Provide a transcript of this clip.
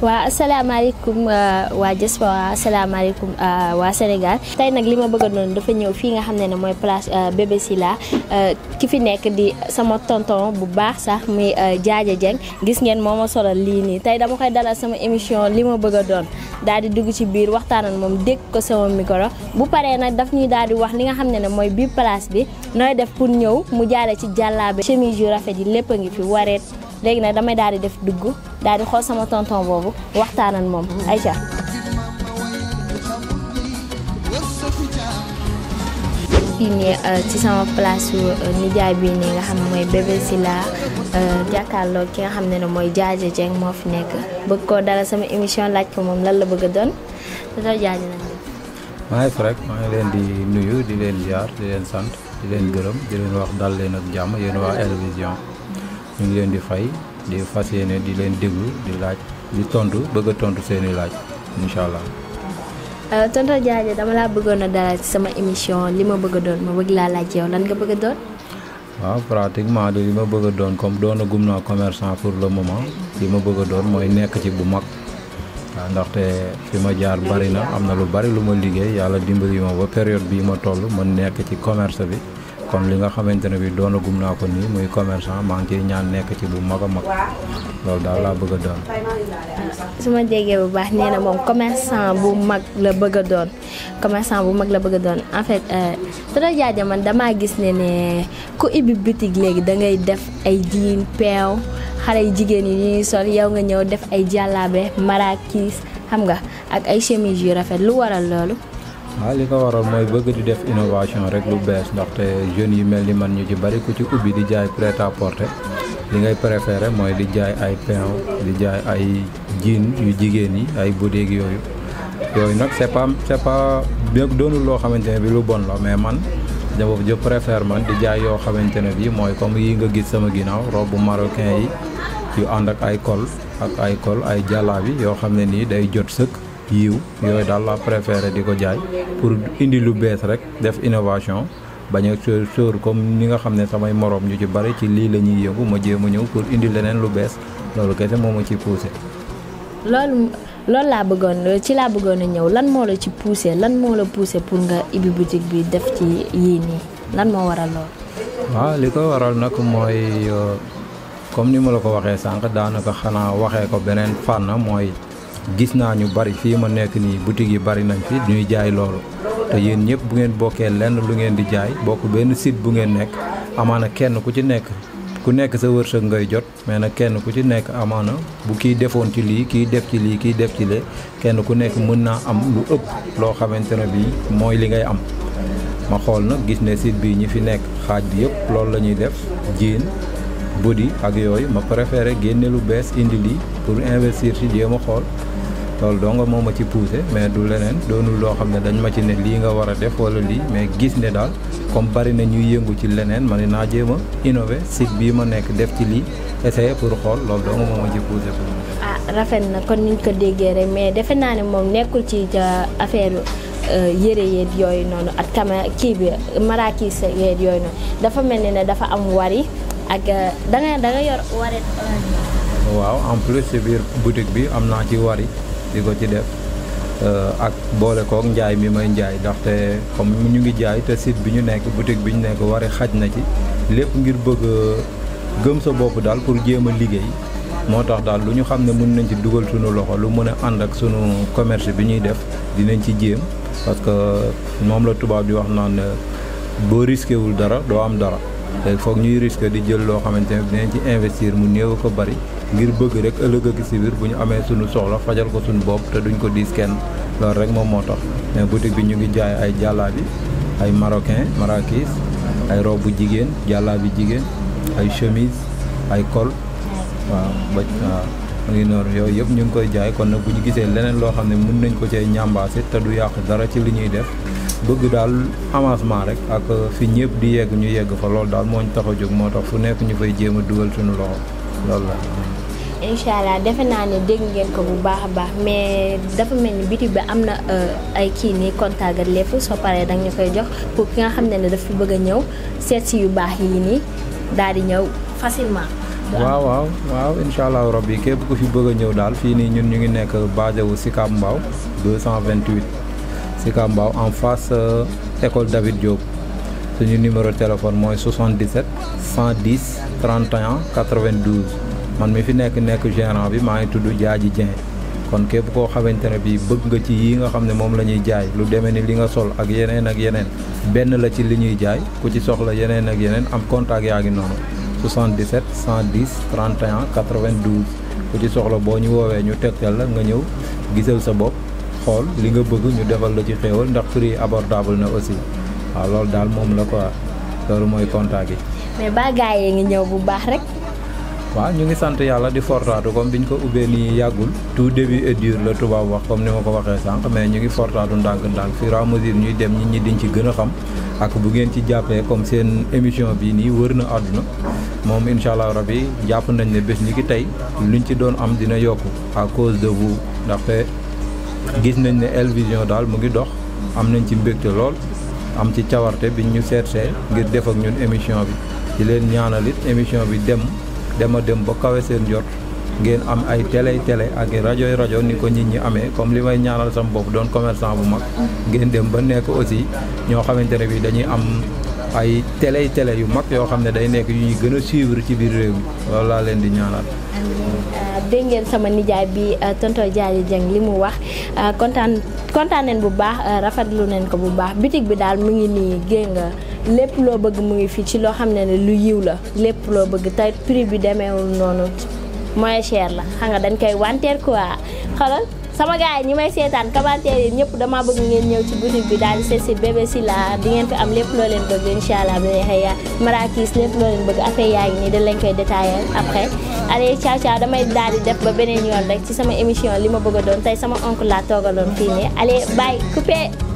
Uh, waa asalaamaaleykum waa Jës waa asalaamaaleykum waa Sénégal tey nag li ma bëgg doon dafa ñëw fii nga xam ne ne mooy place uh, Bébé Sila uh, ki fi nekk di sama tonton bu baax sax muy Diadia Dieng gis ngeen moo ma solal lii nii tey dama koy dalal sama émission li ma bëgg a doon daal di dugg ci biir waxtaanal moom dégg ko sama micro bu paree nag daf ñuy daal di wax li nga xam ne ne mooy biir bi nooy def pour ñëw mu jaare ci jàllaabe chemise yu rafet yi lépp a ngi fi wareet léegi nag damay daal di def dugg daal di xool sama tonton boobu waxtaan ak moom ay fii euh, ci sama place euh, nijaay bii nii nga xam ne mooy bébé si laa euh, jàkkaarloo ki nga xam ne ne mooy Diadia Dieng moo fi nekk bëgg koo dala sama émission laaj ko moom lan la bëgg a doon dafa Diadia nag maa ngi fi rek leen di nuyu di leen ziar di leen sant di leen gërëm di leen wax dal leen ak jàmm yoonu wax El ñu ngi leen di fay di fasiyene di len deglu di laaj di tontu bëgg a tontu seen laaj inshallah euh tonton jaaje dama la bëggoon dara ci sama émission lima ma bëgg doon ma bëgg la laaj yow lan nga bëgg doon. waaw pratiquement de lima ma bëgg doon comme doona gumna commerçant pour le moment li ma bëgg doon moy nekk ci bu mag ndax ndaxte fi ma jaar bari na amna lu bari lu ma liggéey yalla dimbali ma ba période bi ma tollu man nekk ci commerce bi. kon li nga xamante ne bi doona gum naa ko nii muy commerçant maa ngi ciy ñaan nekk ci bu mag a mag loolu daal laa bëgg a doon su ma jegee bu baax nee na moom commerçant bu mag la bëgg a doon commerçant bu mag la bëgg doon en fait Tonton euh, Diadia man damaa gis ne ne ku ibbi boutique léegi dangay def ay jiin peew xale yu jigéen yi ñuy sol yow nga ñëw def ay jàllaabe maraakis xam nga ak ay chemise yu rafet lu waral loolu waaw li ko waral mooy bëgg di def innovation rek lu bees ndaxte jeunes yi mel ni man ñu ci bari ku ci ubbi di jaay prêt à li ngay préféré mooy di jaay ay pain di jaay ay jean yu jigéen yi ay bodéeg yooyu yooyu nag c'est pas c'est pas bépp loo xamante ne bi lu bon la mais man dama je préfère man di jaay yoo xamante ne bi mooy comme yi nga gis sama ginnaaw robe marocain yi yu ànd ak ay col ak ay col ay jàllaabi yoo xam ne nii day jot sëkk yiw yooyu daal la préféré di ko jaay pour indi lu bees rek def innovation bañ a sóor comme ñi nga xam ne samay moroom ñu ci bari ci lii la ñuy yëngu ma jéem a ñëw pour indi leneen lu bees loolu kese moo ma ci poussé. loolu loolu laa bëggoon ci laa bëggoon a ñëw lan moo la ci poussé lan moo la poussé pour nga ibbi boutique bi def ci yii nii lan moo waral lool. waaw li ko waral nag mooy euh, comme ni ma la ko waxee sànq daanaka xanaa waxee ko beneen fànn mooy. gis naa ñu bari fii ma nekk nii boutique yi bari nañ fi ñuy jaay loolu te yéen ñëpp bu ngeen bokkee lenn lu ngeen di jaay bokk benn site bu ngeen nekk amaana kenn ku ci nekk ku nekk sa wërsëg ngay jot mais nag kenn ku ci nekk amaana bu kii defoon ci lii kii def ci lii kiy def ci lee kenn ku nekk mën naa am lu ëpp loo xamante ne bii mooy li ngay am ma xool na gis ne site bii ñi fi nekk xaaj bi yëpp loolu la ñuy def jéen bodi ak yooyu ma préféré génne lu bees indi lii pour investir ci jéem a xool loolu dong moom ma ci poussé mais du leneen doonul loo xam ne dañ ma ci ne lii nga war a def wala lii mais gis ne daal comme bari na ñuy yëngu ci leneen ma naa jéem a innové site bii ma nekk def ci lii essayé pour xool loolu dong moo ma ci poussé pour ah, rafet na kon niñ ko déggee mais defe naa ne moom nekkul ci affaire euh, yëre yeeg yooyu noonu ak kama kii bi maraakis yeeg yooyu noonu dafa mel ni ne dafa am wari ak euh, da nga da nga yor waret waaw en plus ci biir boutique bi am naa ci yi di ko ci def euh, ak boole kook njaay mi may njaay ndaxte comme ñu ngi jaay te site bi ñu nekk boutique bi ñu nekk wari xaj na ci lépp ngir bëgg gëm sa bopp daal pour jéem a liggéey moo tax daal lu ñu xam ne mun nañ ci dugal suñu loxo lu mën a ànd ak suñu commerce bi ñuy def dinañ ci jéem parce que moom la tubaab di wax naan boo risqué wul dara doo am dara léegi foog ñuy risque di jël loo xamante ne dinañ ci investir mu néew ko bari ngir bëgg rek ëllëg ak si biir bu ñu amee suñu soxla fajal ko suñu bopp te duñ ko diis kenn loolu rek moom moo tax mais boutique bi ñu ngi jaay ay jàllaabi ay marocain marakiis ay robu jigéen jàllaabi jigéen ay chemise ay col waaw ba waaw mu ngi noonu yooyu yëpp ñu ngi koy jaay kon nag bu ñu gisee leneen loo xam ne mën nañ ko cee ñambaase te du yàq dara ci li ñuy def bëgg daal avancement rek ak fi ñëpp di yegg ñu yegg fa loolu daal moo ñu tax a jóg moo tax fu nekk ñu fay jéem a dugal suñu loxo loolu la. incha allah defe naa ne dégg ngeen ko bu baax a baax mais dafa mel ni bitig bi am na euh, ay kii nii contact ak lépp soo paree da ñu koy jox pour ki nga xam ne ne dafa bëgg a ñëw seet si baax yi nii daal di ñëw facilement. waaw waaw waaw incha allah rabbi képp ku fi bëgg a ñëw daal fii nii ñun ñu ngi nekk basé wu Sicap Mbao 228. Sicap Mbao en face euh, école David Diop suñu numéro téléphone mooy 77 110 31 92 man mi fi nekk nekk gérant bi maa ngi tudd ji Dieng kon képp koo xamante ne bii bëgg nga ci yi nga xam ne moom la ñuy jaay lu demee ni li nga sol ak yeneen ak yeneen benn la ci li ñuy jaay ku ci soxla yeneen ak yeneen am contact yaa ngi noonu 77 110 31 92 ku ci soxla boo ñu woowee ñu tegtal la nga ñëw gisal sa bopp. xool li nga bëgg ñu defal la ci xéewal ndax prix abordable na aussi waaw lool daal moom la quoi loolu mooy contact yi. mais ba gaa ngi ñëw bu baax rek. waaw ñu ngi sant yàlla di fortaatu comme biñ ko ubbee nii yàggul tout début est dur la tubaab wax comme ni ma ko waxee sànq mais ñu ngi fortaatu ndànk-ndànk fur et ñuy dem nit ñi diñ ci gën a xam ak bu ngeen ci jàppee comme seen émission bii nii wër na àdduna moom incha allah rabi jàpp nañ ne bés ñi tey luñ ci doon am dina yokk gis nañ ne El daal mu ngi dox am nañ ci mbégte lool am ci cawarte bi ñu seetsee ngir def ak ñun émission bi di leen ñaanal it émission bi dem dema dem ba kawe seen jot ngeen am ay télé télé ak rajo rajo ni ko nit ñi amee comme li may ñaanal sama bopp doon commerçant bu mag ngeen dem ba nekk aussi ñoo xamante ne bi dañuy am ay télé télé yu mag yoo xam ne day nekk yu ñuy gën a suivre ci biir réew mi loolu laa leen di ñaanal. dégg ngeen sama nijaay bi euh, tonto Dialy Dieng li mu wax euh, kontaan kontaaneen bu baax euh, rafetlu nañ ko bu baax bitig bi daal mu ngi nii génn nga lépp loo bëgg mu ngi fii ci loo xam ne ne lu yiw la lépp loo bëgg tey prix bi demeewul noonu moins cher la xam nga dañ koy wanteer quoi xolal sama gars ñi may seetaan commentaire yi dama bëgg ngeen ñëw ci boutique bi daal di seet si bébé di ngeen am lépp loo leen bëgg incha allah bébé Xeya Marrakech lépp loo bëgg affaire yaa ngi nii dañ lañ koy détaillé après. allez ciao damay daal di def ba beneen yoon rek ci sama émission li ma bëgg doon tey sama oncle laa toogaloon fii nii allez bye coupé.